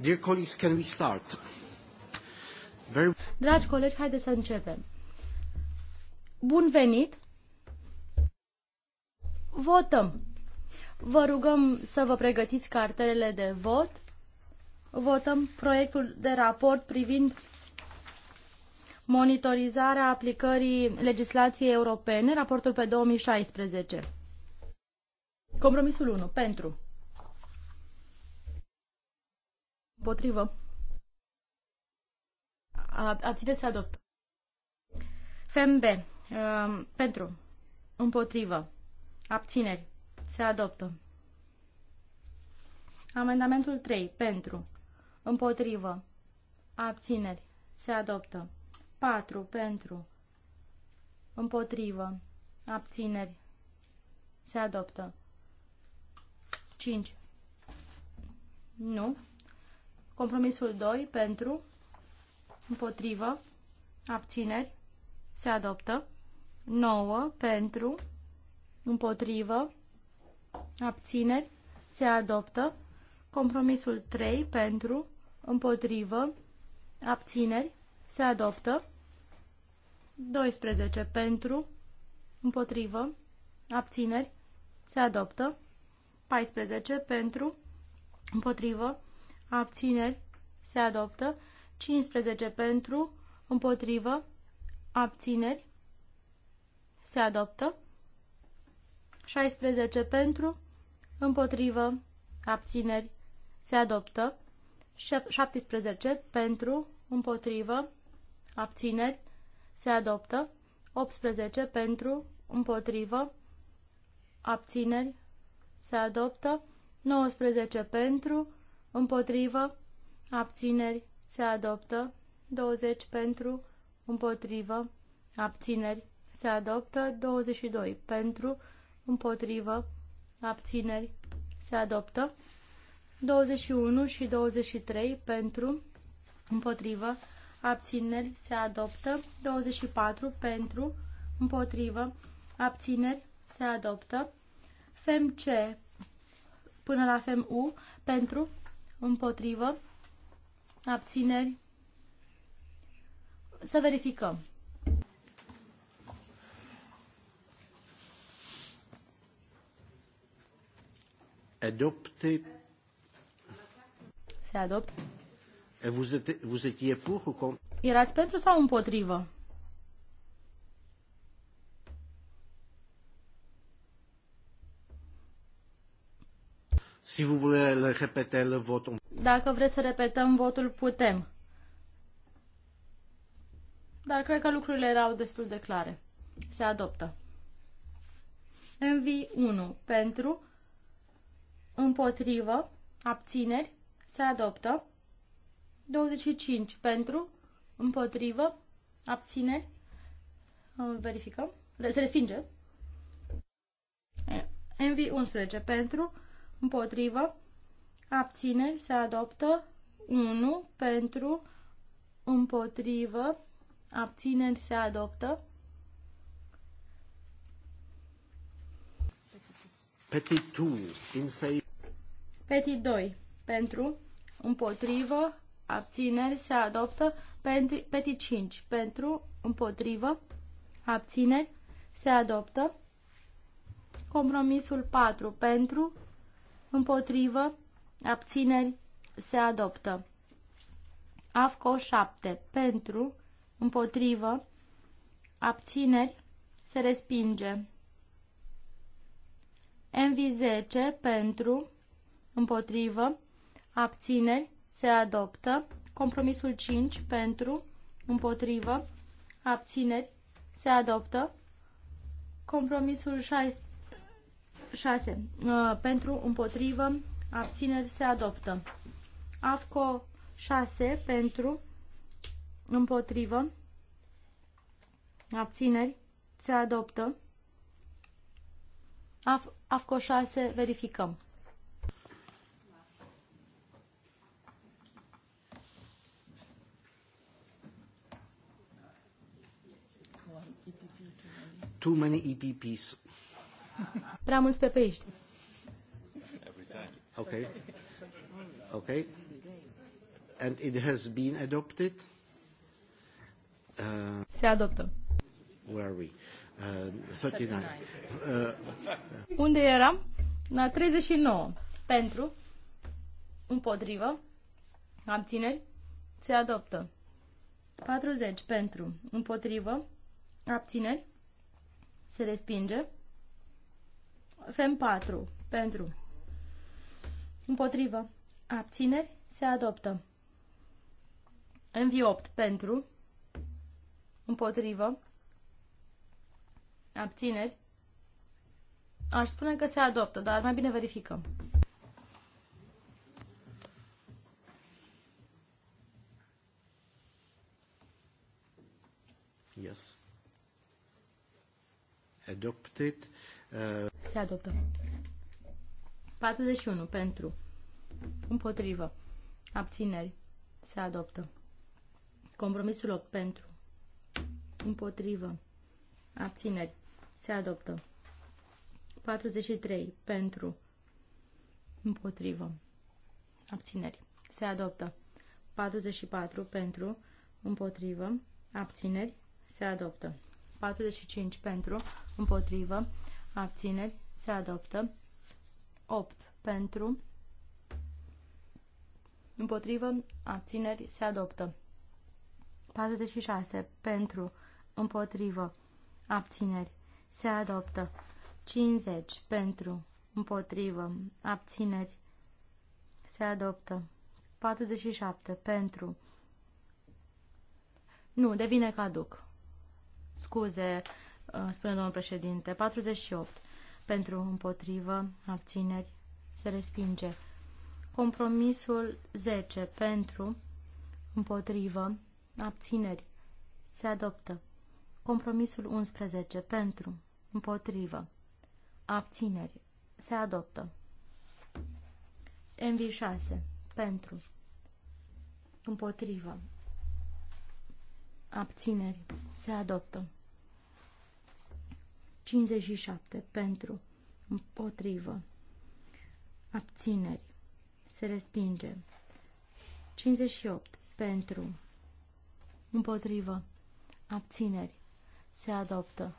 Dear colleagues, can we start? Very... Dragi colegi, haideți să începem. Bun venit! Votăm! Vă rugăm să vă pregătiți cartelele de vot. Votăm proiectul de raport privind monitorizarea aplicării legislației europene, raportul pe 2016. Compromisul 1. Pentru. potrivă. Împotrivă. Abține să adopt. FMB. Uh, ehm, pentru. Împotrivă. Abțineri. Se adoptă. Amendamentul 3. Pentru. Împotrivă. Abțineri. Se adoptă. 4. Pentru. Împotrivă. Abțineri. Se adoptă. 5. Nu. Compromisul 2 pentru, împotrivă, abțineri, se adoptă. 9 pentru, împotrivă, abțineri, se adoptă. Compromisul 3 pentru, împotrivă, abțineri, se adoptă. 12 pentru, împotrivă, abțineri, se adoptă. 14 pentru, împotrivă, abțineri, se adoptă. 15 pentru, împotrivă, abțineri, se adoptă. 16 pentru, împotrivă, abțineri, se adoptă. 17 pentru, împotrivă, abțineri, se adoptă. 18 pentru, împotrivă, abțineri, se adoptă. 19 pentru, împotrivă, abțineri, se adoptă, 20 pentru, împotrivă, abțineri, se adoptă, 22 pentru, împotrivă, abțineri, se adoptă, 21 și 23 pentru, împotrivă, abțineri, se adoptă, 24 pentru, împotrivă, abțineri, se adoptă, FEMC până la FEMU pentru, Împotrivă. Abțineri. Să verificăm. Adopte. Se adoptă. vous étiez pour ou contre? Erați pentru sau împotrivă? Si vous voulez le répéter le vote, on... Dacă vreți să repetăm votul, putem. Dar cred că lucrurile erau destul de clare. Se adoptă. MV1 pentru, împotrivă, abțineri, se adoptă. 25 pentru, împotrivă, abțineri, verificăm, se respinge. MV11 pentru, împotrivă, abțineri, se adoptă 1 pentru, împotrivă, abțineri, se adoptă. Petit 2, Petit 2, pentru, împotrivă, abțineri, se adoptă. petit 5, pentru, împotrivă, abțineri, se adoptă. Compromisul 4, pentru, împotrivă, abțineri, se adoptă. AFCO 7 pentru, împotrivă, abțineri, se respinge. MV10 pentru, împotrivă, abțineri, se adoptă. Compromisul 5 pentru, împotrivă, abțineri, se adoptă. Compromisul 6 6. Uh, pentru, împotrivă, abțineri se adoptă. AFCO 6. Pentru, împotrivă, abțineri se adoptă. Af AFCO 6. Verificăm. Too many EPPs Prea mulți pepeiști. Okay. Okay. And it has been adopted. Uh, Se adoptă. Where are we? Uh, 39. Uh, Unde eram? La 39. Pentru, împotrivă, abțineri, se adoptă. 40. Pentru, împotrivă, abțineri, se respinge. FEM 4. Pentru. Împotrivă. Abțineri. Se adoptă. MV8. Pentru. Împotrivă. Abțineri. Aș spune că se adoptă, dar mai bine verificăm. Yes. Adopted. Se adoptă. 41 pentru. Împotrivă. Abțineri. Se adoptă. Compromisul 8 pentru. Împotrivă. Abțineri. Se adoptă. 43 pentru. Împotrivă. Abțineri. Se adoptă. 44 pentru. Împotrivă. Abțineri. Se adoptă. 45 pentru. Împotrivă abțineri, se adoptă. 8 pentru, împotrivă, abțineri, se adoptă. 46 pentru, împotrivă, abțineri, se adoptă. 50 pentru, împotrivă, abțineri, se adoptă. 47 pentru, nu, devine caduc. Scuze, Uh, spune domnul președinte. 48. Pentru, împotrivă, abțineri, se respinge. Compromisul 10. Pentru, împotrivă, abțineri, se adoptă. Compromisul 11. Pentru, împotrivă, abțineri, se adoptă. MV6. Pentru, împotrivă, abțineri, se adoptă. 57 pentru, împotrivă, abțineri, se respinge. 58 pentru, împotrivă, abțineri, se adoptă.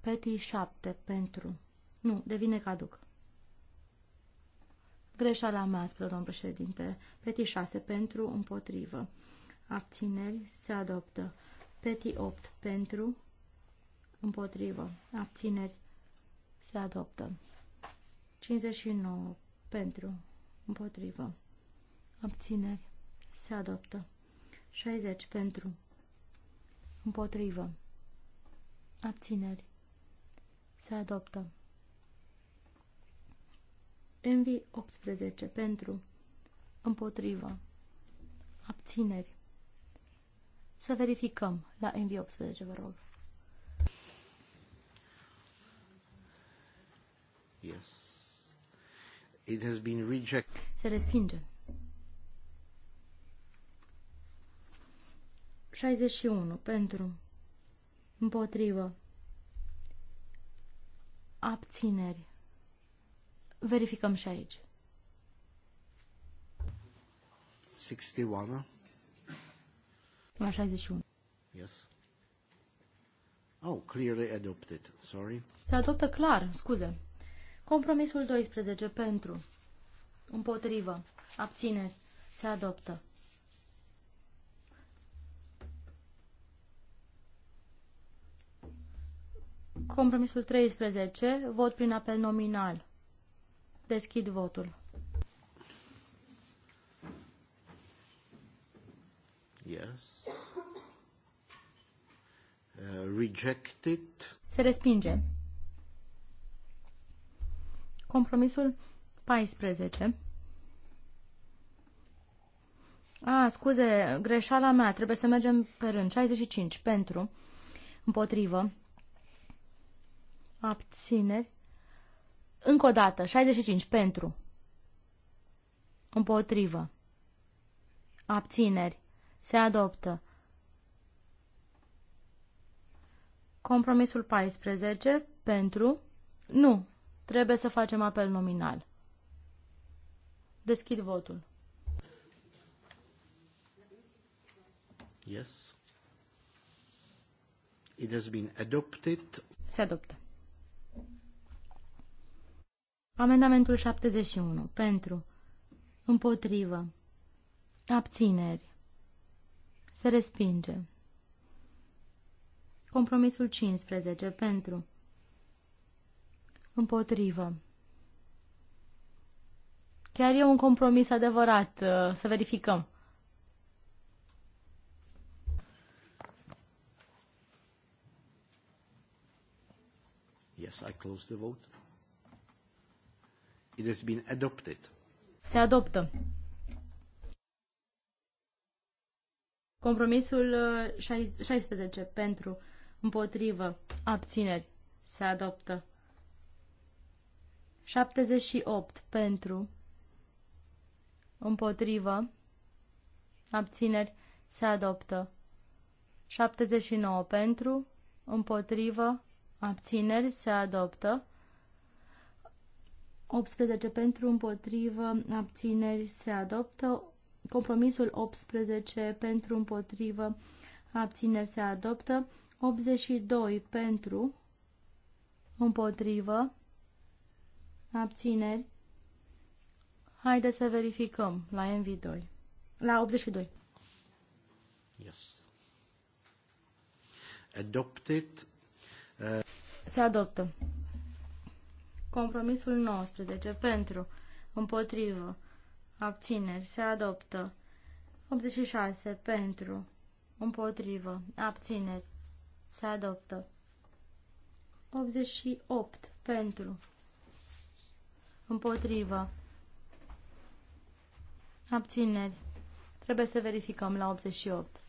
Petii 7 pentru, nu, devine caduc. Greșeala mea, spre domn președinte. Petii 6 pentru, împotrivă, abțineri, se adoptă. Petii 8 pentru, Împotrivă. Abțineri. Se adoptă. 59. Pentru. Împotrivă. Abțineri. Se adoptă. 60. Pentru. Împotrivă. Abțineri. Se adoptă. Envi 18. Pentru. Împotrivă. Abțineri. Să verificăm la Envi 18, vă rog. Yes. It has been rejected. Se respinge. 61 pentru împotrivă abțineri. Verificăm și aici. 61. La 61. Yes. Oh, clearly adopted. Sorry. Se adoptă clar, scuze. Compromisul 12 pentru. Împotrivă. Abțineri. Se adoptă. Compromisul 13. Vot prin apel nominal. Deschid votul. Yes. Uh, rejected. Se respinge. Compromisul 14. A, scuze, greșeala mea, trebuie să mergem pe rând. 65 pentru, împotrivă, abțineri. Încă o dată, 65 pentru, împotrivă, abțineri, se adoptă. Compromisul 14 pentru, nu, Trebuie să facem apel nominal. Deschid votul. Yes. It has been adopted. Se adoptă. Amendamentul 71. Pentru. Împotrivă. Abțineri. Se respinge. Compromisul 15. Pentru. Împotrivă. Chiar e un compromis adevărat. Uh, să verificăm. Yes, I close the vote. It has been adopted. Se adoptă. Compromisul 16 uh, pentru împotrivă abțineri se adoptă. 78 pentru, împotrivă, abțineri, se adoptă. 79 pentru, împotrivă, abțineri, se adoptă. 18 pentru, împotrivă, abțineri, se adoptă. Compromisul 18 pentru, împotrivă, abțineri, se adoptă. 82 pentru, împotrivă, abțineri. Haideți să verificăm la MV2, la 82. Yes. Adopted. Uh... Se adoptă. Compromisul 19 pentru, împotrivă, abțineri, se adoptă. 86 pentru, împotrivă, abțineri, se adoptă. 88 pentru, Împotrivă. Abțineri. Trebuie să verificăm la 88.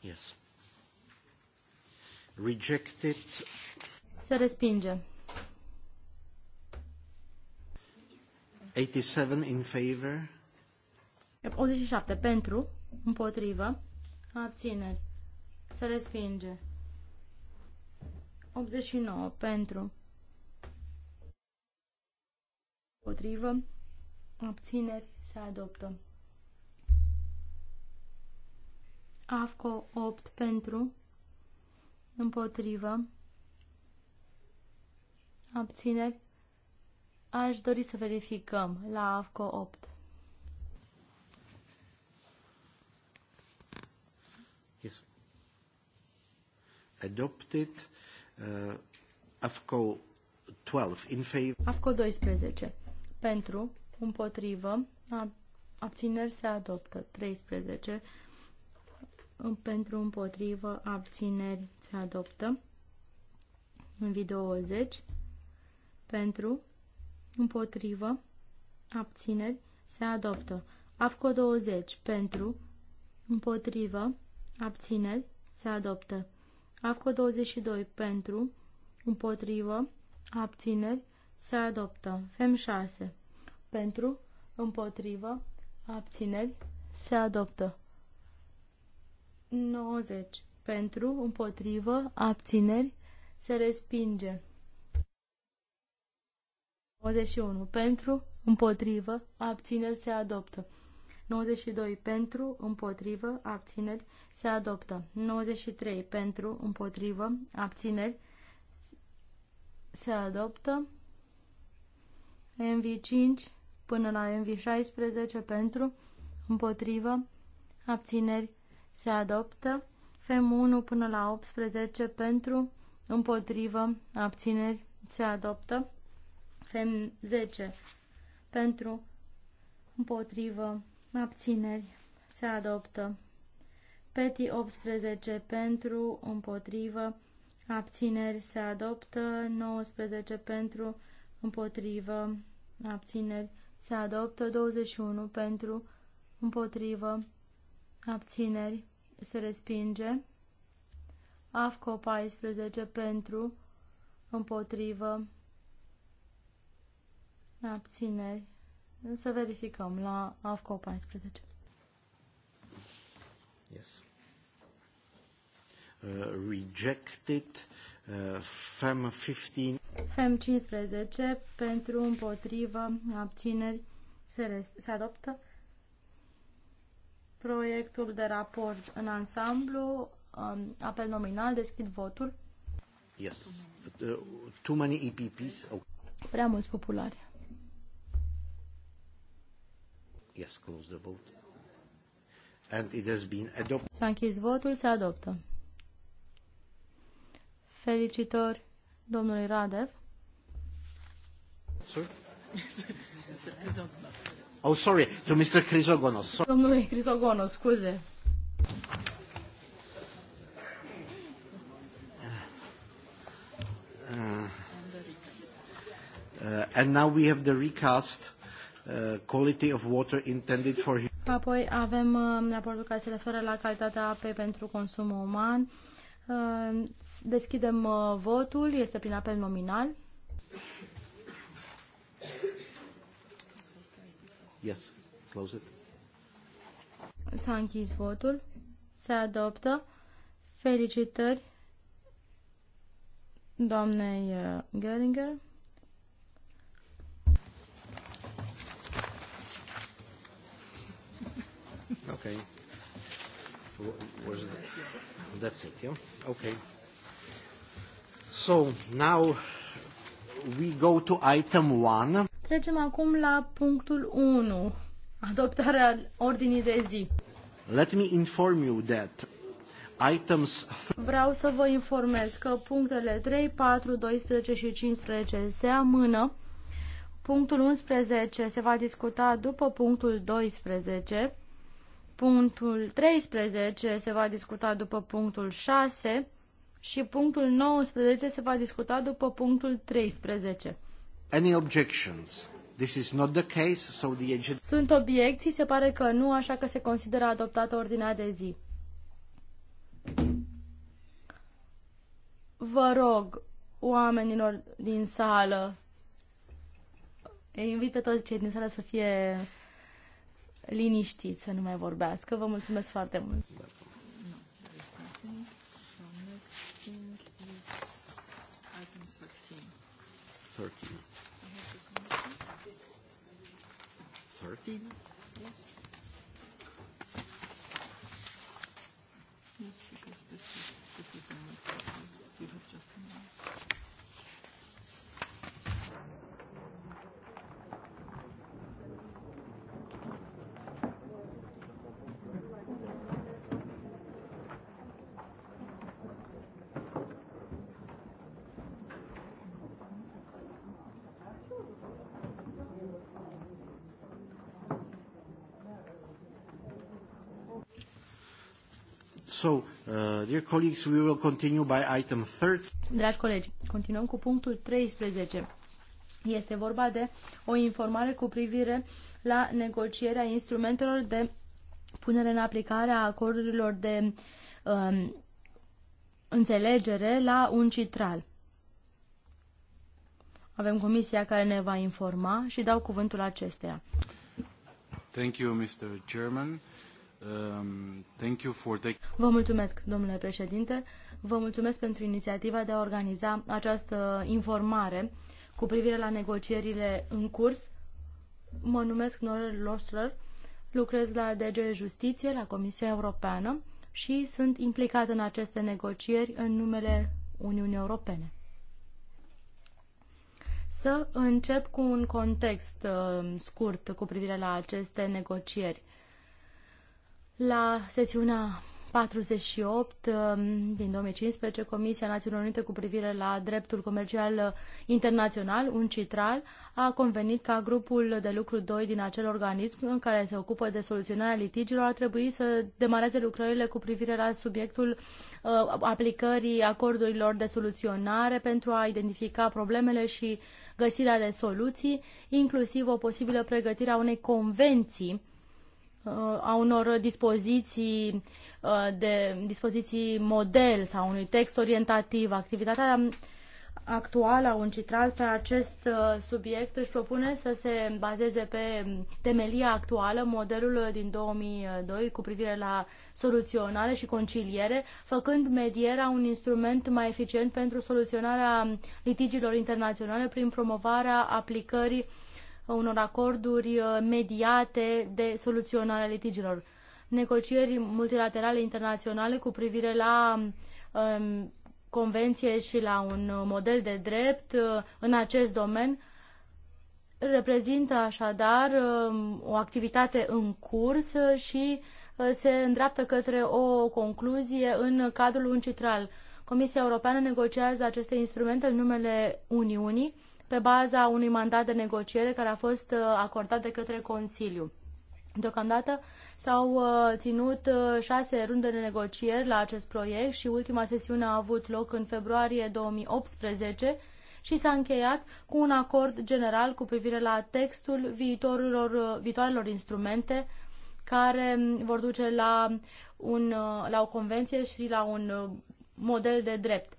Yes. Rejected. Se respinge. 87 in favor. 87 pentru, împotrivă, abțineri. Se respinge. 89 pentru, Împotrivă. Abțineri. Se adoptă. AFCO 8 pentru. Împotrivă. Abțineri. Aș dori să verificăm la AFCO 8. Yes. Adopted uh, AFCO 12 in favor. AFCO 12 pentru, împotrivă, abțineri se adoptă. 13 pentru, împotrivă, abțineri se adoptă. În 20 pentru, împotrivă, abțineri se adoptă. AFCO 20 pentru, împotrivă, abțineri se adoptă. AFCO 22 pentru, împotrivă, abțineri se adoptă. FEM 6 pentru, împotrivă, abțineri, se adoptă. 90. Pentru, împotrivă, abțineri, se respinge. 91. Pentru, împotrivă, abțineri, se adoptă. 92. Pentru, împotrivă, abțineri, se adoptă. 93. Pentru, împotrivă, abțineri, se adoptă. MV5 până la MV16 pentru, împotrivă, abțineri se adoptă. FEM1 până la 18 pentru, împotrivă, abțineri se adoptă. FEM10 pentru, împotrivă, abțineri se adoptă. PETI 18 pentru, împotrivă, abțineri se adoptă. 19 pentru, împotrivă, abțineri se se adoptă 21 pentru, împotrivă, abțineri, se respinge. AFCO 14 pentru, împotrivă, abțineri. Să verificăm la AFCO 14. Yes. Uh, rejected FEM 15. FEM 15 pentru împotrivă abțineri se, se adoptă proiectul de raport în ansamblu, um, apel nominal, deschid votul. Yes. Uh, too many EPPs. Oh. Prea mulți populari. Yes, close the vote. And it has been adopted. S-a închis votul, se adoptă. Felicitări domnului Radev. oh, sorry, to Mr. Crisogonos. Sorry. Domnului Crisogonos, scuze. Uh, and now we have the recast uh, quality of water intended for Apoi avem uh, raportul care se referă la calitatea apei pentru consum uman. Uh, Ehm, deschidem uh, votul, este prin apel nominal. Yes, close it. S-a închis votul. Se adoptă. Felicitări doamnei uh, Göringer. Okay. Where's the... That's it, yeah? Okay. So, now we go to item one. Trecem acum la punctul 1, adoptarea ordinii de zi. Let me inform you that items... Vreau să vă informez că punctele 3, 4, 12 și 15 se amână. Punctul 11 se va discuta după punctul 12 Punctul 13 se va discuta după punctul 6 și punctul 19 se va discuta după punctul 13. Any objections? This is not the case, so the agenda... Sunt obiecții, se pare că nu, așa că se consideră adoptată ordinea de zi. Vă rog, oamenilor din sală, îi invit pe toți cei din sală să fie liniștiți să nu mai vorbească. Vă mulțumesc foarte mult! Thirteen. Thirteen? Yes. So, uh, dear colleagues, we will continue by item Dragi colegi, continuăm cu punctul 13. Este vorba de o informare cu privire la negocierea instrumentelor de punere în aplicare a acordurilor de um, înțelegere la un citral. Avem comisia care ne va informa și dau cuvântul acesteia. Thank you, Mr. Um, Vă mulțumesc, domnule președinte. Vă mulțumesc pentru inițiativa de a organiza această informare cu privire la negocierile în curs. Mă numesc Norel Losler, lucrez la DG Justiție, la Comisia Europeană și sunt implicat în aceste negocieri în numele Uniunii Europene. Să încep cu un context uh, scurt cu privire la aceste negocieri. Uh, la sesiunea 48 um, din 2015, Comisia Națiunilor Unite cu privire la dreptul comercial internațional, un citral, a convenit ca grupul de lucru 2 din acel organism în care se ocupă de soluționarea litigiilor ar trebui să demareze lucrările cu privire la subiectul uh, aplicării acordurilor de soluționare pentru a identifica problemele și găsirea de soluții, inclusiv o posibilă pregătire a unei convenții a unor dispoziții uh, de dispoziții model sau unui text orientativ. Activitatea actuală a UNCITRAL pe acest uh, subiect își propune să se bazeze pe temelia actuală, modelul din 2002 cu privire la soluționare și conciliere, făcând medierea un instrument mai eficient pentru soluționarea litigiilor internaționale prin promovarea aplicării unor acorduri uh, mediate de soluționare a litigilor. Negocieri multilaterale internaționale cu privire la um, convenție și la un model de drept uh, în acest domen reprezintă așadar um, o activitate în curs și uh, se îndreaptă către o concluzie în cadrul uncitral. Comisia Europeană negociază aceste instrumente în numele Uniunii pe baza unui mandat de negociere care a fost uh, acordat de către Consiliu. Deocamdată s-au uh, ținut uh, șase runde de negocieri la acest proiect și ultima sesiune a avut loc în februarie 2018 și s-a încheiat cu un acord general cu privire la textul viitorilor, viitoarelor instrumente care um, vor duce la, un, la o convenție și la un model de drept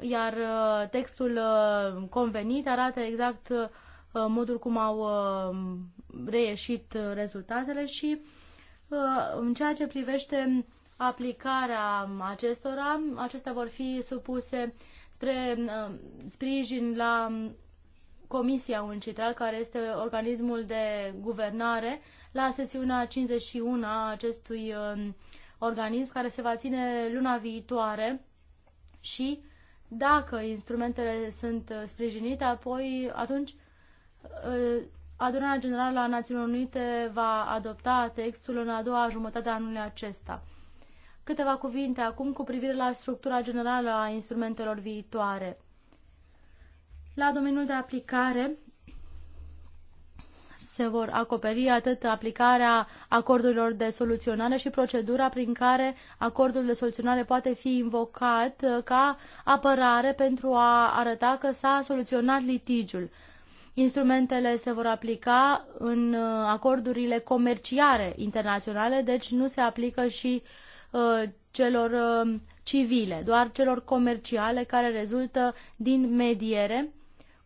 iar uh, textul uh, convenit arată exact uh, modul cum au reieșit rezultatele și în ceea ce privește aplicarea acestora, acestea vor fi supuse spre sprijin la Comisia Uncitral, care este organismul de guvernare, la sesiunea 51 a acestui organism, care se va ține luna viitoare și uh, dacă instrumentele sunt uh, sprijinite, apoi atunci uh, Adunarea Generală a Națiunilor Unite va adopta textul în a doua jumătate a anului acesta. Câteva cuvinte acum cu privire la structura generală a instrumentelor viitoare. La domeniul de aplicare, se vor acoperi atât aplicarea acordurilor de soluționare și procedura prin care acordul de soluționare poate fi invocat uh, ca apărare pentru a arăta că s-a soluționat litigiul. Instrumentele se vor aplica în uh, acordurile comerciale internaționale, deci nu se aplică și uh, celor uh, civile, doar celor comerciale care rezultă din mediere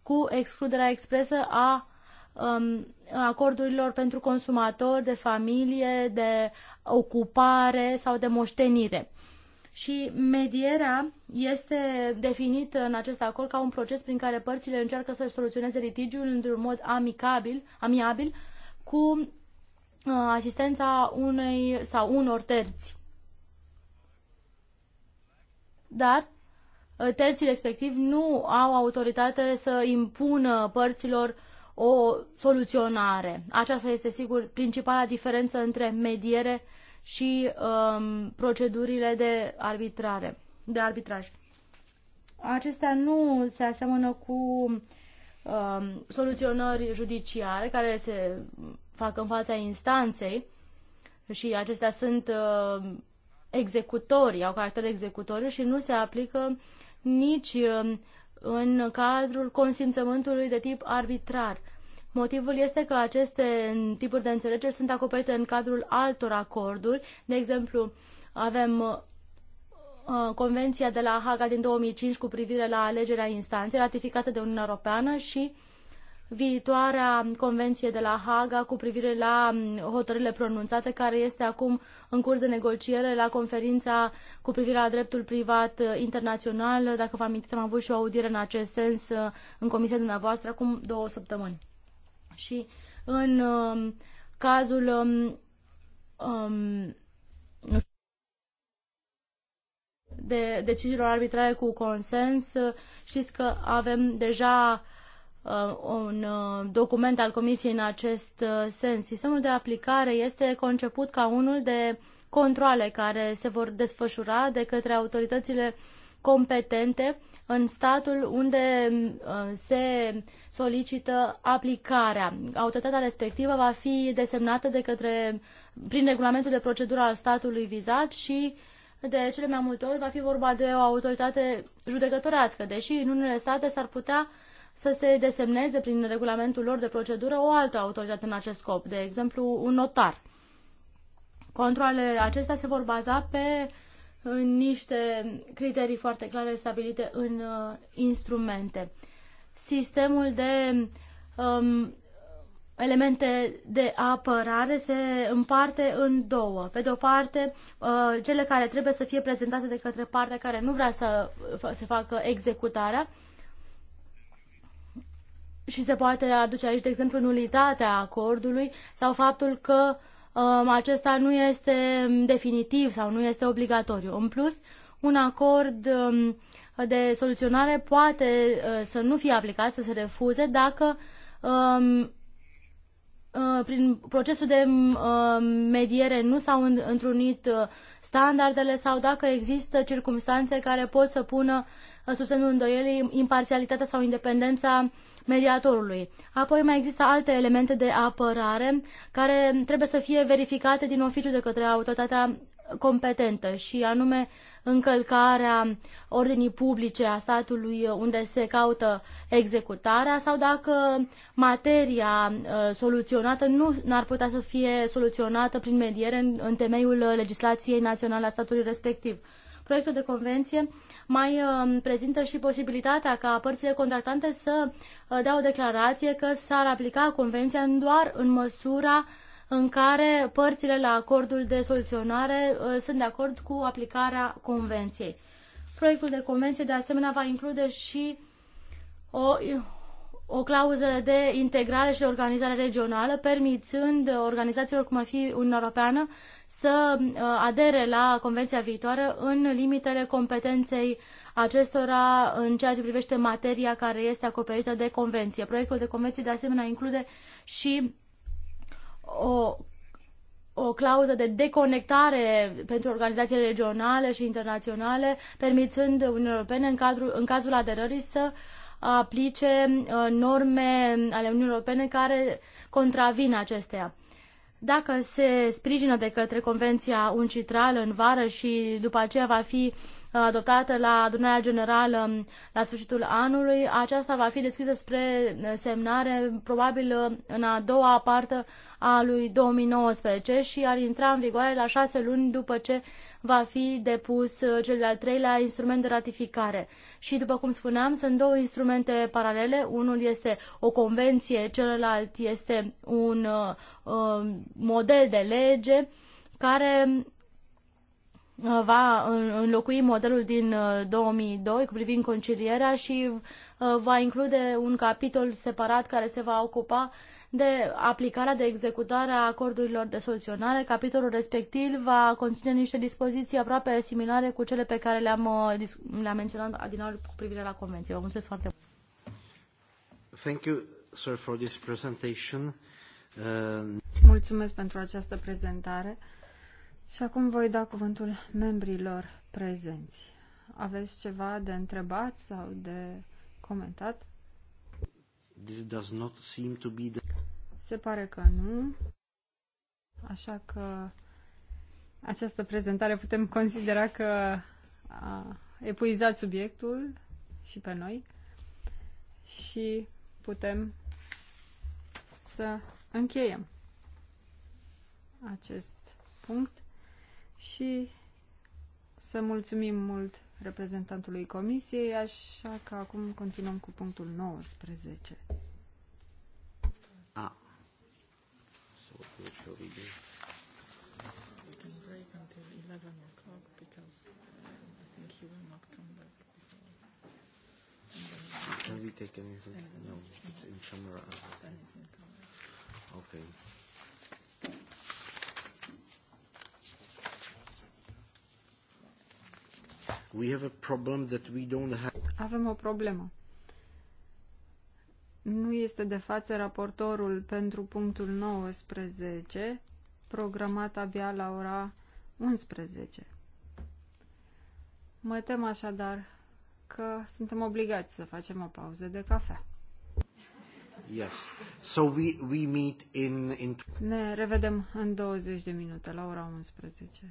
cu excluderea expresă a Um, acordurilor pentru consumatori, de familie, de ocupare sau de moștenire. Și medierea este definită în acest acord ca un proces prin care părțile încearcă să-și soluționeze litigiul într-un mod amicabil, amiabil cu uh, asistența unei sau unor terți. Dar uh, terții respectiv nu au autoritate să impună părților uh, o soluționare. Aceasta este, sigur, principala diferență între mediere și um, procedurile de arbitrare, de arbitraj. Acestea nu se aseamănă cu um, soluționări judiciare care se fac în fața instanței și acestea sunt uh, executorii, au caracter executoriu și nu se aplică nici um, în cadrul consimțământului de tip arbitrar. Motivul este că aceste tipuri de înțelegeri sunt acoperite în cadrul altor acorduri. De exemplu, avem uh, Convenția de la Haga din 2005 cu privire la alegerea instanței, ratificată de Uniunea Europeană și uh, viitoarea convenție de la Haga cu privire la mm, hotărârile pronunțate, care este acum în curs de negociere la conferința cu privire la dreptul privat uh, internațional. Dacă vă amintiți, am avut și o audiere în acest sens uh, în comisia dumneavoastră acum două săptămâni. Și în um, cazul um, um de deciziilor arbitrare cu consens, uh, știți că avem deja uh, Uh, un uh, document al Comisiei în acest uh, sens. Sistemul de aplicare este conceput ca unul de controle care se vor desfășura de către autoritățile competente în statul unde se solicită aplicarea. Autoritatea respectivă va fi desemnată de către, prin regulamentul de procedură al statului vizat și de cele mai multe ori va fi vorba de o autoritate judecătorească, deși în unele state s-ar putea uh, să se desemneze prin regulamentul lor de procedură o altă autoritate în acest scop, de exemplu un notar. Controlele acestea se vor baza pe uh, niște criterii foarte clare stabilite în uh, instrumente. Sistemul de um, elemente de apărare se împarte în două. Pe de o parte, uh, cele care trebuie să fie prezentate de către partea care nu vrea să uh, se facă executarea și se poate aduce aici, de exemplu, nulitatea acordului sau faptul că um, acesta nu este definitiv sau nu este obligatoriu. În plus, un acord um, de soluționare poate uh, să nu fie aplicat, să se refuze dacă um, uh, prin procesul de um, mediere nu s-au întrunit uh, standardele sau dacă există circumstanțe care pot să pună uh, sub semnul îndoielii imparțialitatea sau independența mediatorului. Apoi mai există alte elemente de apărare care trebuie să fie verificate din oficiu de către autoritatea competentă și anume încălcarea ordinii publice a statului unde se caută executarea sau dacă materia uh, soluționată nu ar putea să fie soluționată prin mediere în, în temeiul legislației naționale a statului respectiv proiectul de convenție mai um, prezintă și posibilitatea ca părțile contractante să uh, dea o declarație că s-ar aplica convenția doar în măsura în care părțile la acordul de soluționare uh, sunt de acord cu aplicarea convenției. Proiectul de convenție, de asemenea, va include și o o clauză de integrare și de organizare regională, permițând organizațiilor cum ar fi Uniunea Europeană să uh, adere la convenția viitoare în limitele competenței acestora în ceea ce privește materia care este acoperită de convenție. Proiectul de convenție de asemenea include și o, o clauză de deconectare pentru organizațiile regionale și internaționale, permițând Uniunii Europene în, cadrul, în cazul aderării să uh, aplice uh, norme ale Uniunii Europene care contravin acestea. Dacă se sprijină de către Convenția Uncitrală în vară și după aceea va fi uh, adoptată la adunarea generală la sfârșitul anului. Aceasta va fi deschisă spre semnare probabil în a doua parte a lui 2019 și ar intra în vigoare la șase luni după ce va fi depus cel de-al treilea instrument de ratificare. Și, după cum spuneam, sunt două instrumente paralele. Unul este o convenție, celălalt este un uh, model de lege care Uh, va înlocui modelul din 2002 uh, cu privind concilierea și uh, va include un capitol separat care se va ocupa de aplicarea de executare a acordurilor de soluționare. Capitolul respectiv va conține niște dispoziții aproape similare cu cele pe care le-am, le-am menționat adinaori cu privire la convenție. Vă mulțumesc foarte mult! Thank you, sir, for this presentation. Uh... Mulțumesc pentru această prezentare. Și acum voi da cuvântul membrilor prezenți. Aveți ceva de întrebat sau de comentat? This does not seem to be the... Se pare că nu. Așa că această prezentare putem considera că a epuizat subiectul și pe noi și putem să încheiem acest punct și să mulțumim mult reprezentantului Comisiei, așa că acum continuăm cu punctul 19. A. Can we take anything? No, it's in camera. Okay. We have a problem that we don't have. Avem o problemă. Nu este de față raportorul pentru punctul 19, programat abia la ora 11. Mă tem așadar că suntem obligați să facem o pauză de cafea. Yes. So we, we meet in, in... Ne revedem în 20 de minute, la ora 11.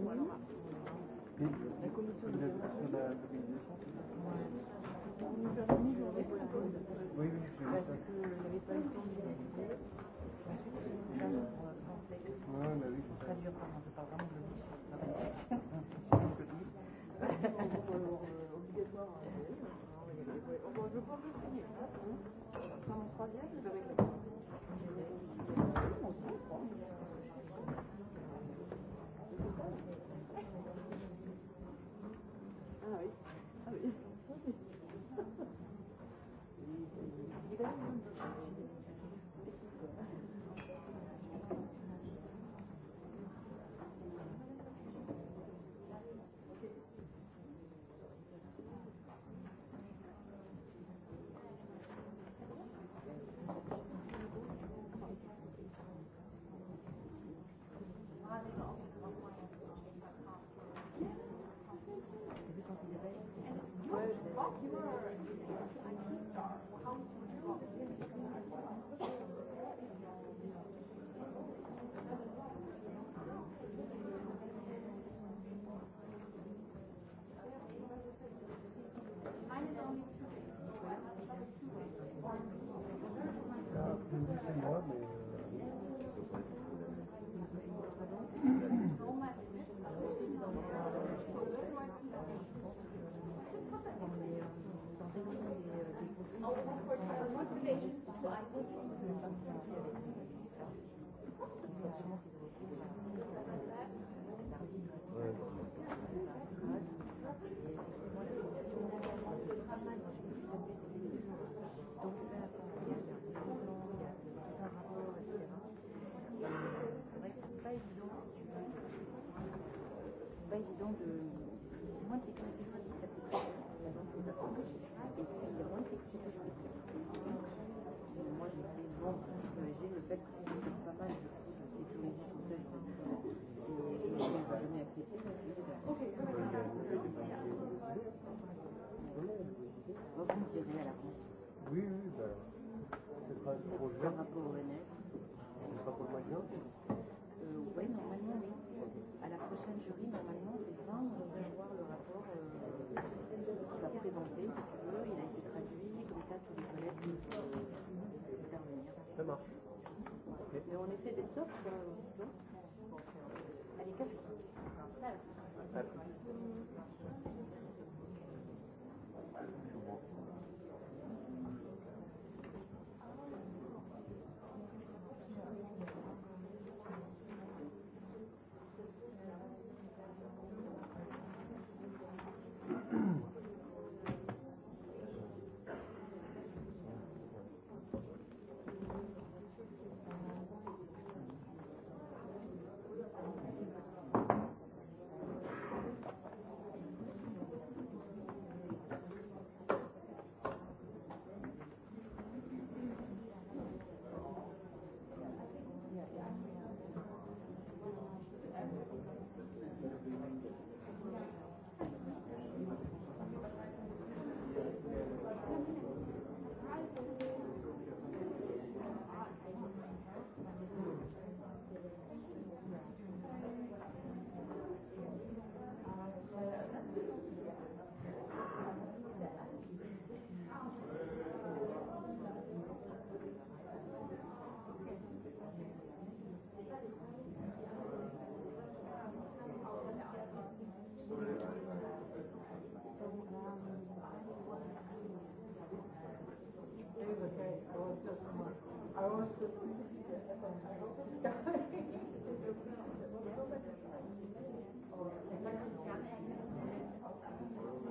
Oui, oui, je Parce que je n'avais pas eu le temps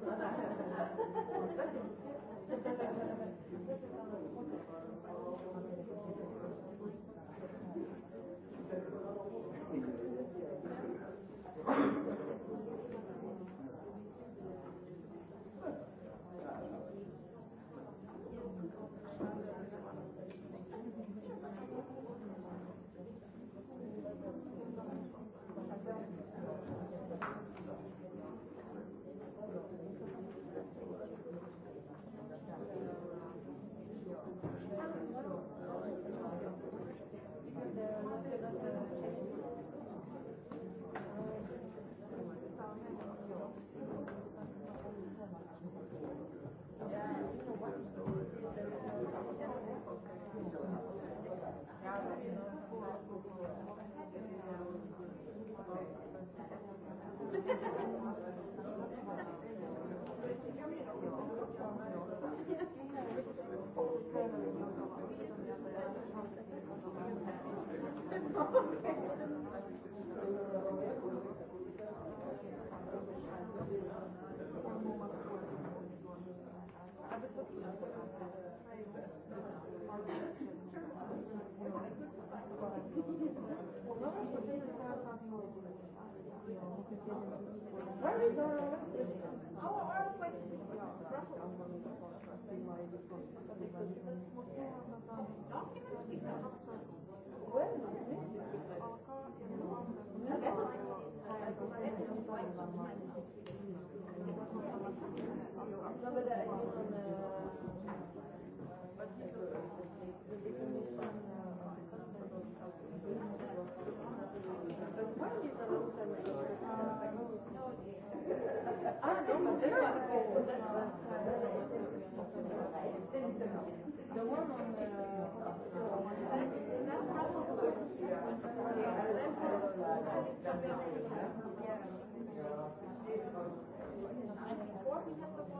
Thank you. Where is the our our place? Where is it? we have the one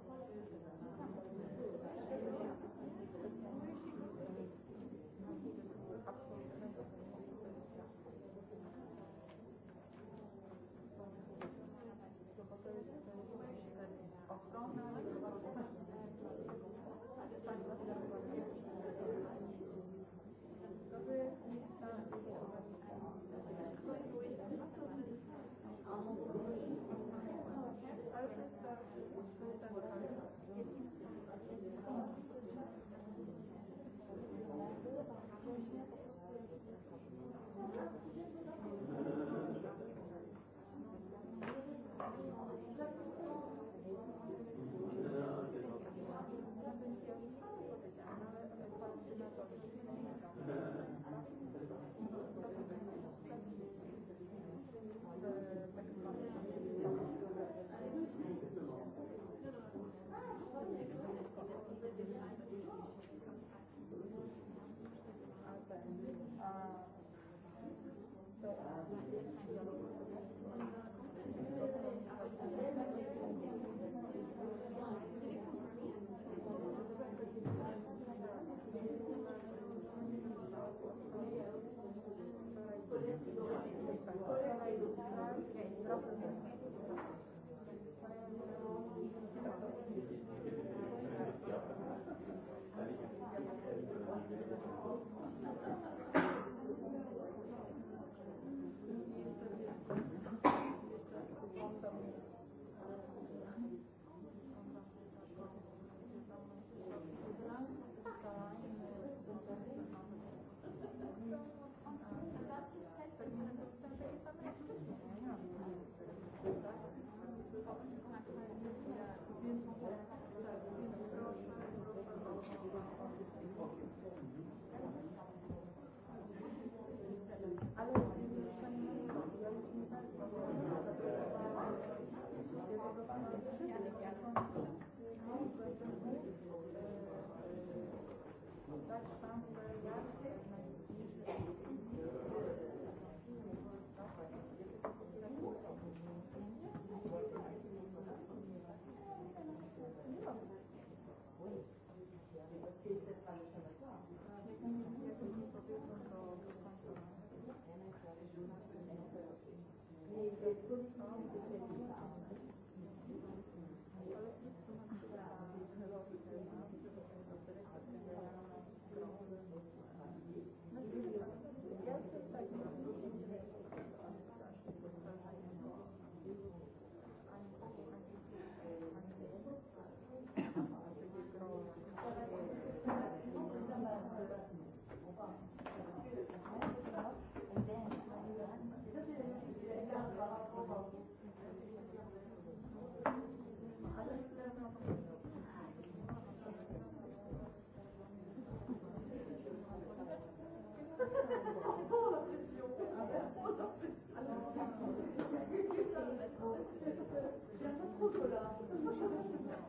Thank you.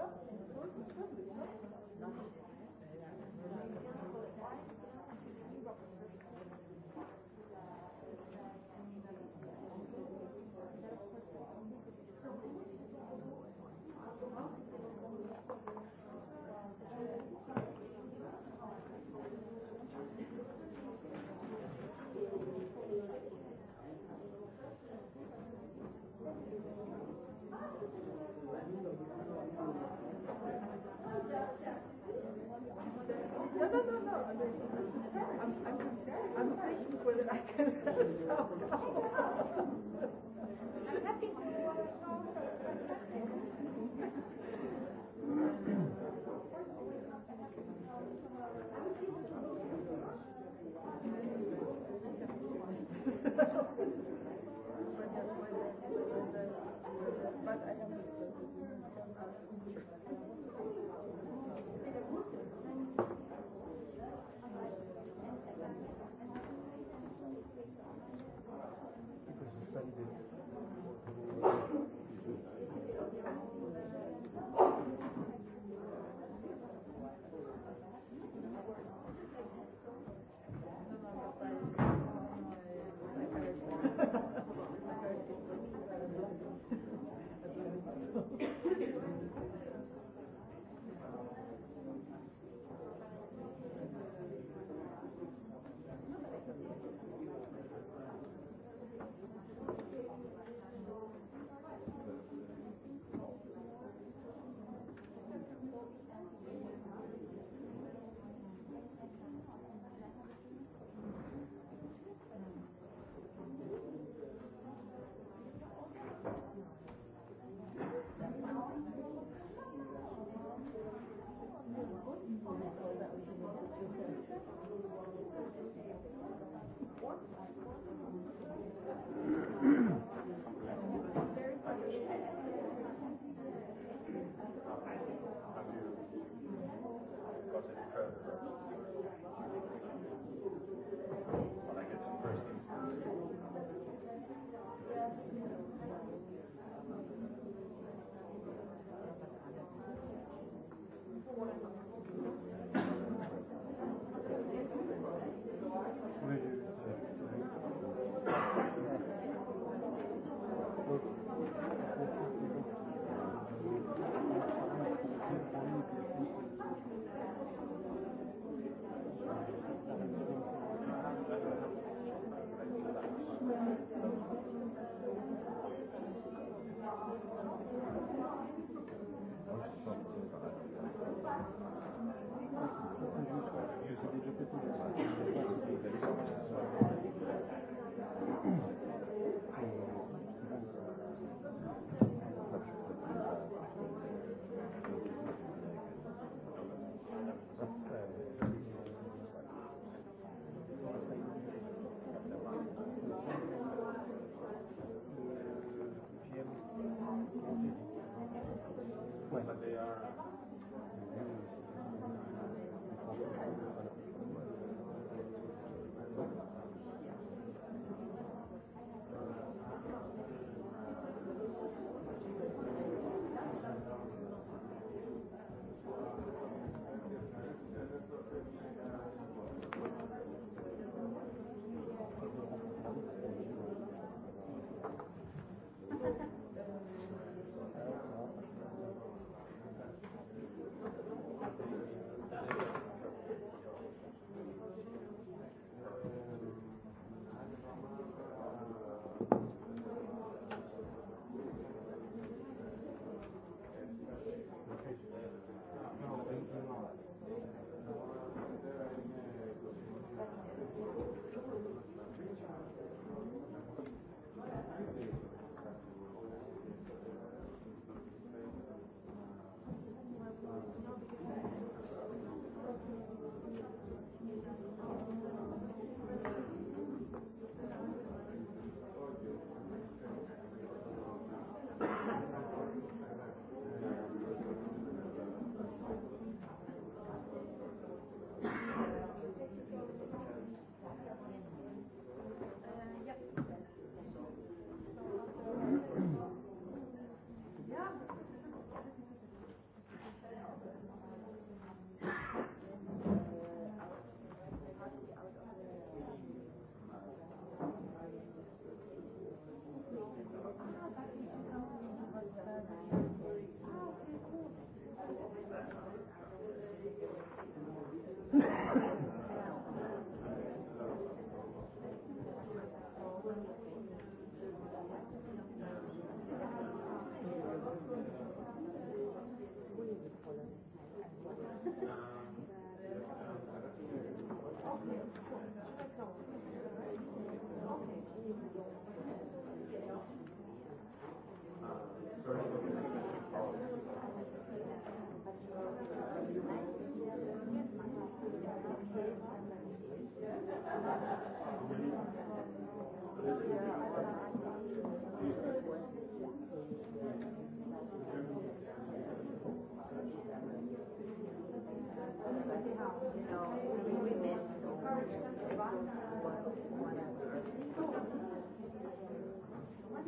Thank you.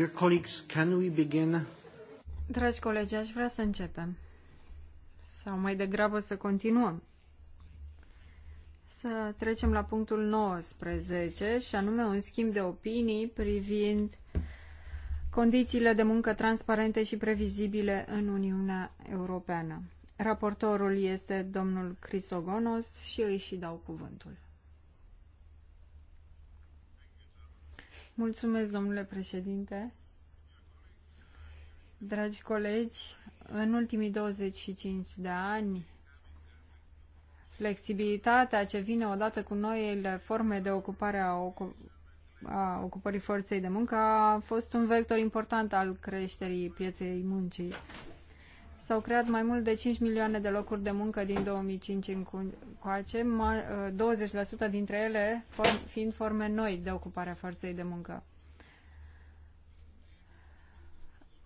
Dear colleagues, can we begin? Dragi colegi, aș vrea să începem. Sau mai degrabă să continuăm. Să trecem la punctul 19 și anume un schimb de opinii privind condițiile de muncă transparente și previzibile în Uniunea Europeană. Raportorul este domnul Ogonos și îi și dau cuvântul. Mulțumesc, domnule președinte. Dragi colegi, în ultimii 25 de ani, flexibilitatea ce vine odată cu noile forme de ocupare a, ocu- a ocupării forței de muncă a fost un vector important al creșterii pieței muncii. S-au creat mai mult de 5 milioane de locuri de muncă din 2005 încoace, 20% uh, dintre ele fiind forme noi de ocupare a forței de muncă.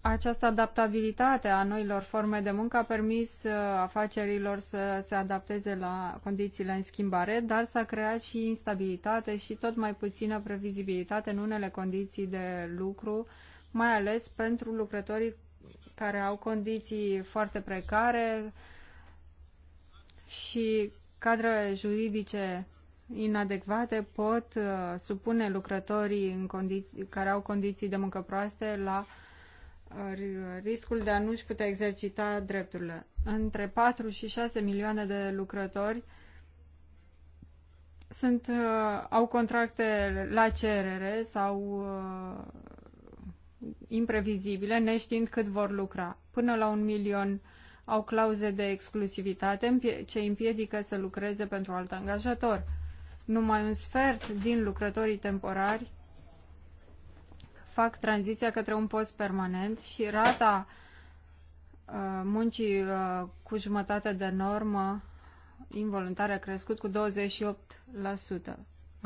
Această adaptabilitate a noilor forme de muncă a permis uh, afacerilor să se adapteze la condițiile în schimbare, dar s-a creat și instabilitate și tot mai puțină previzibilitate în unele condiții de lucru, mai ales pentru lucrătorii care au condiții foarte precare și cadre juridice inadecvate pot uh, supune lucrătorii în care au condiții de muncă proaste la uh, riscul de a nu-și putea exercita drepturile. Între 4 și 6 milioane de lucrători sunt, uh, au contracte la cerere sau uh, imprevizibile, neștiind cât vor lucra. Până la un milion au clauze de exclusivitate ce împiedică să lucreze pentru alt angajator. Numai un sfert din lucrătorii temporari fac tranziția către un post permanent și rata uh, muncii uh, cu jumătate de normă involuntare a crescut cu 28%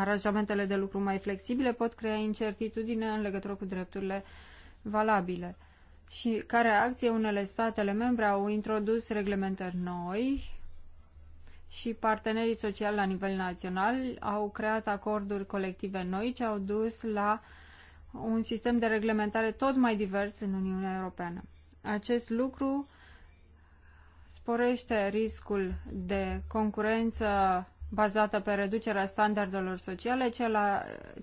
aranjamentele de lucru mai flexibile pot crea incertitudine în legătură cu drepturile valabile. Și ca reacție, unele statele membre au introdus reglementări noi și partenerii sociali la nivel național au creat acorduri colective noi ce au dus la un sistem de reglementare tot mai divers în Uniunea Europeană. Acest lucru sporește riscul de concurență bazată pe reducerea standardelor sociale,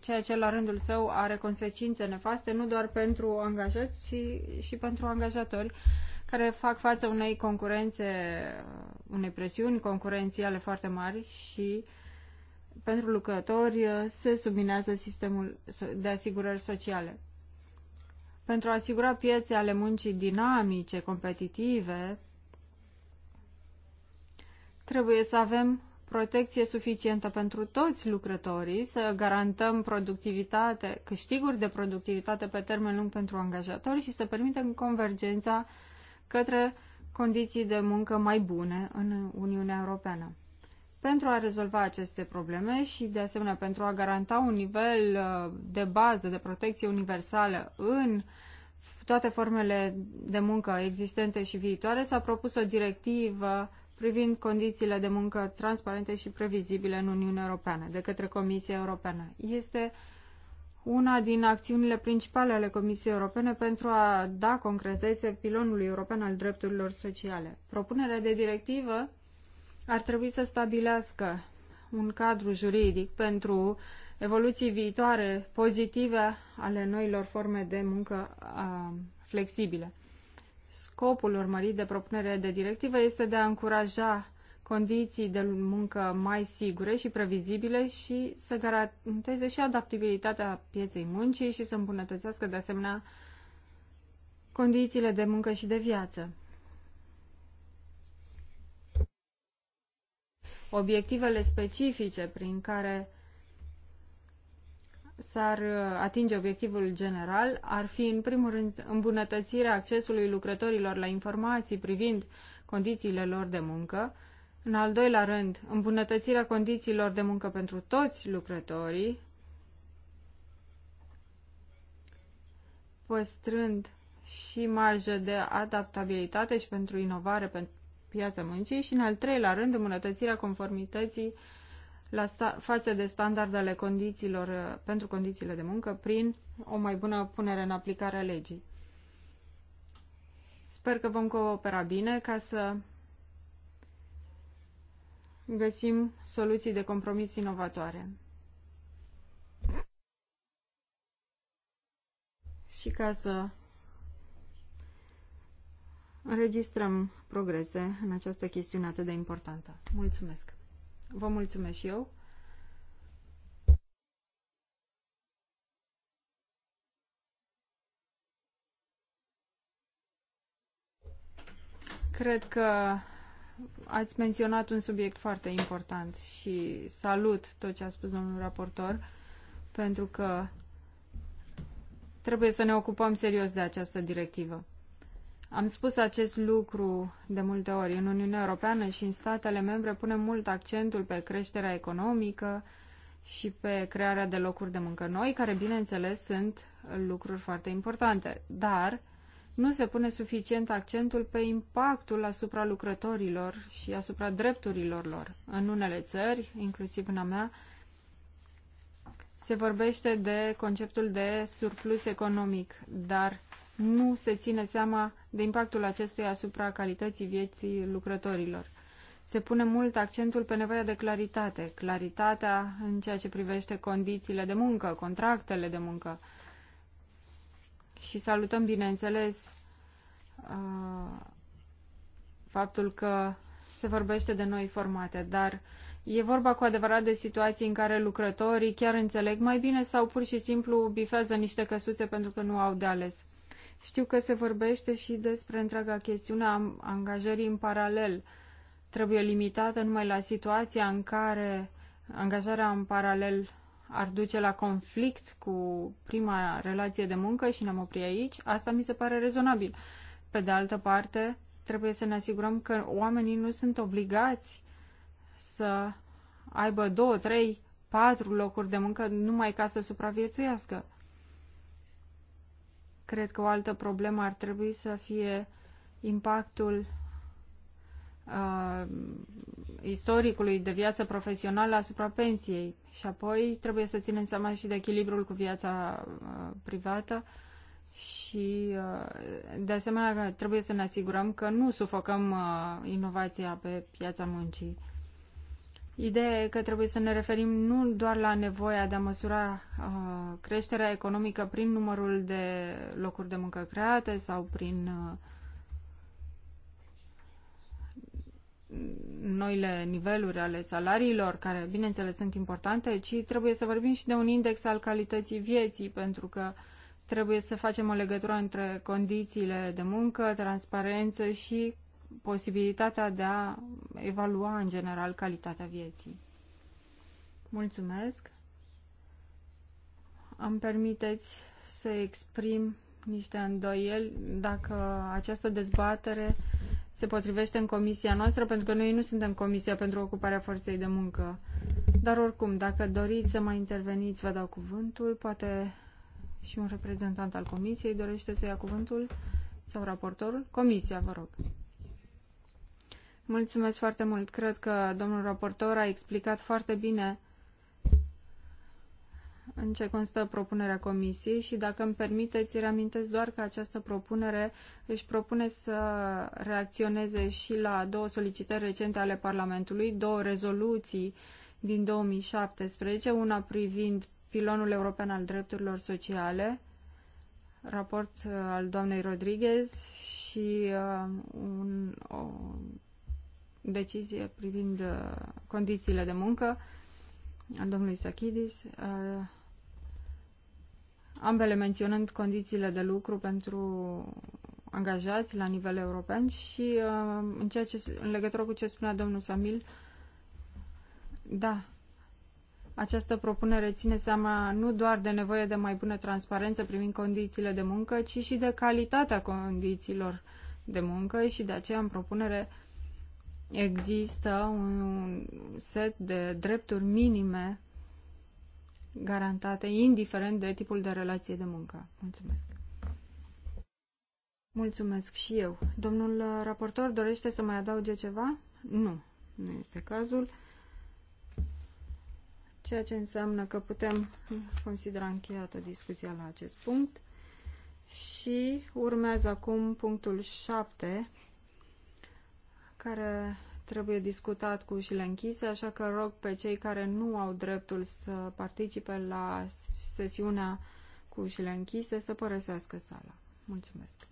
ceea ce la rândul său are consecințe nefaste nu doar pentru angajați, ci și pentru angajatori care fac față unei concurențe, unei presiuni concurențiale foarte mari și pentru lucrători se subminează sistemul de asigurări sociale. Pentru a asigura piețe ale muncii dinamice, competitive, trebuie să avem protecție suficientă pentru toți lucrătorii, să garantăm productivitate, câștiguri de productivitate pe termen lung pentru angajatori și să permitem convergența către condiții de muncă mai bune în Uniunea Europeană. Pentru a rezolva aceste probleme și, de asemenea, pentru a garanta un nivel uh, de bază de protecție universală în toate formele de muncă existente și viitoare, s-a propus o directivă privind condițiile de muncă transparente și previzibile în Uniunea Europeană de către Comisia Europeană. Este una din acțiunile principale ale Comisiei Europene pentru a da concretețe pilonului european al drepturilor sociale. Propunerea de directivă ar trebui să stabilească un cadru juridic pentru evoluții viitoare pozitive ale noilor forme de muncă a, flexibile. Scopul urmărit de propunere de directivă este de a încuraja condiții de muncă mai sigure și previzibile și să garanteze și adaptabilitatea pieței muncii și să îmbunătățească de asemenea condițiile de muncă și de viață. Obiectivele specifice prin care s-ar uh, atinge obiectivul general ar fi, în primul rând, îmbunătățirea accesului lucrătorilor la informații privind condițiile lor de muncă, în al doilea rând, îmbunătățirea condițiilor de muncă pentru toți lucrătorii, păstrând și marjă de adaptabilitate și pentru inovare pe piața muncii și, în al treilea rând, îmbunătățirea conformității uh, la sta- față de standardele condițiilor, uh, pentru condițiile de muncă prin o mai bună punere în aplicare a legii. Sper că vom coopera bine ca să găsim soluții de compromis inovatoare. Și ca să înregistrăm progrese în această chestiune atât de importantă. Mulțumesc! Vă mulțumesc și eu. Cred că ați menționat un subiect foarte important și salut tot ce a spus domnul raportor, pentru că trebuie să ne ocupăm serios de această directivă. Am spus acest lucru de multe ori. În Uniunea Europeană și în statele membre punem mult accentul pe creșterea economică și pe crearea de locuri de muncă noi, care, bineînțeles, sunt lucruri foarte importante. Dar nu se pune suficient accentul pe impactul asupra lucrătorilor și asupra drepturilor lor. În unele țări, inclusiv în a mea, se vorbește de conceptul de surplus economic, dar nu se ține seama de impactul acestuia asupra calității vieții lucrătorilor. Se pune mult accentul pe nevoia de claritate, claritatea în ceea ce privește condițiile de muncă, contractele de muncă. Și salutăm, bineînțeles, uh, faptul că se vorbește de noi formate, dar e vorba cu adevărat de situații în care lucrătorii chiar înțeleg mai bine sau pur și simplu bifează niște căsuțe pentru că nu au de ales. Știu că se vorbește și despre întreaga chestiune a angajării în paralel. Trebuie limitată numai la situația în care angajarea în paralel ar duce la conflict cu prima relație de muncă și ne-am oprit aici, asta mi se pare rezonabil. Pe de altă parte, trebuie să ne asigurăm că oamenii nu sunt obligați să aibă două, trei, patru locuri de muncă numai ca să supraviețuiască. Cred că o altă problemă ar trebui să fie impactul uh, istoricului de viață profesională asupra pensiei și apoi trebuie să ținem seama și de echilibrul cu viața uh, privată și uh, de asemenea trebuie să ne asigurăm că nu sufocăm uh, inovația pe piața muncii. Ideea e că trebuie să ne referim nu doar la nevoia de a măsura uh, creșterea economică prin numărul de locuri de muncă create sau prin uh, noile niveluri ale salariilor, care, bineînțeles, sunt importante, ci trebuie să vorbim și de un index al calității vieții, pentru că trebuie să facem o legătură între condițiile de muncă, transparență și posibilitatea de a evalua în general calitatea vieții. Mulțumesc! Îmi permiteți să exprim niște îndoieli dacă această dezbatere se potrivește în comisia noastră, pentru că noi nu suntem comisia pentru ocuparea forței de muncă. Dar oricum, dacă doriți să mai interveniți, vă dau cuvântul. Poate și un reprezentant al comisiei dorește să ia cuvântul sau raportorul. Comisia, vă rog. Mulțumesc foarte mult. Cred că domnul raportor a explicat foarte bine în ce constă propunerea comisiei și dacă îmi permiteți, reamintesc doar că această propunere își propune să reacționeze și la două solicitări recente ale Parlamentului, două rezoluții din 2017, una privind pilonul european al drepturilor sociale, raport uh, al doamnei Rodriguez și uh, un, o decizie privind uh, condițiile de muncă al domnului Sakidis, uh, ambele menționând condițiile de lucru pentru angajați la nivel european și uh, în, ceea ce, în legătură cu ce spunea domnul Samil, da, această propunere ține seama nu doar de nevoie de mai bună transparență privind condițiile de muncă, ci și de calitatea condițiilor de muncă și de aceea în propunere uh, există un set de drepturi minime garantate, indiferent de tipul de relație de muncă. Mulțumesc! Mulțumesc și eu. Domnul raportor dorește să mai adauge ceva? Nu, nu este cazul. Ceea ce înseamnă că putem considera încheiată discuția la acest punct. Și urmează acum punctul 7, care trebuie discutat cu ușile închise, așa că rog pe cei care nu au dreptul să participe la sesiunea cu ușile închise să părăsească sala. Mulțumesc!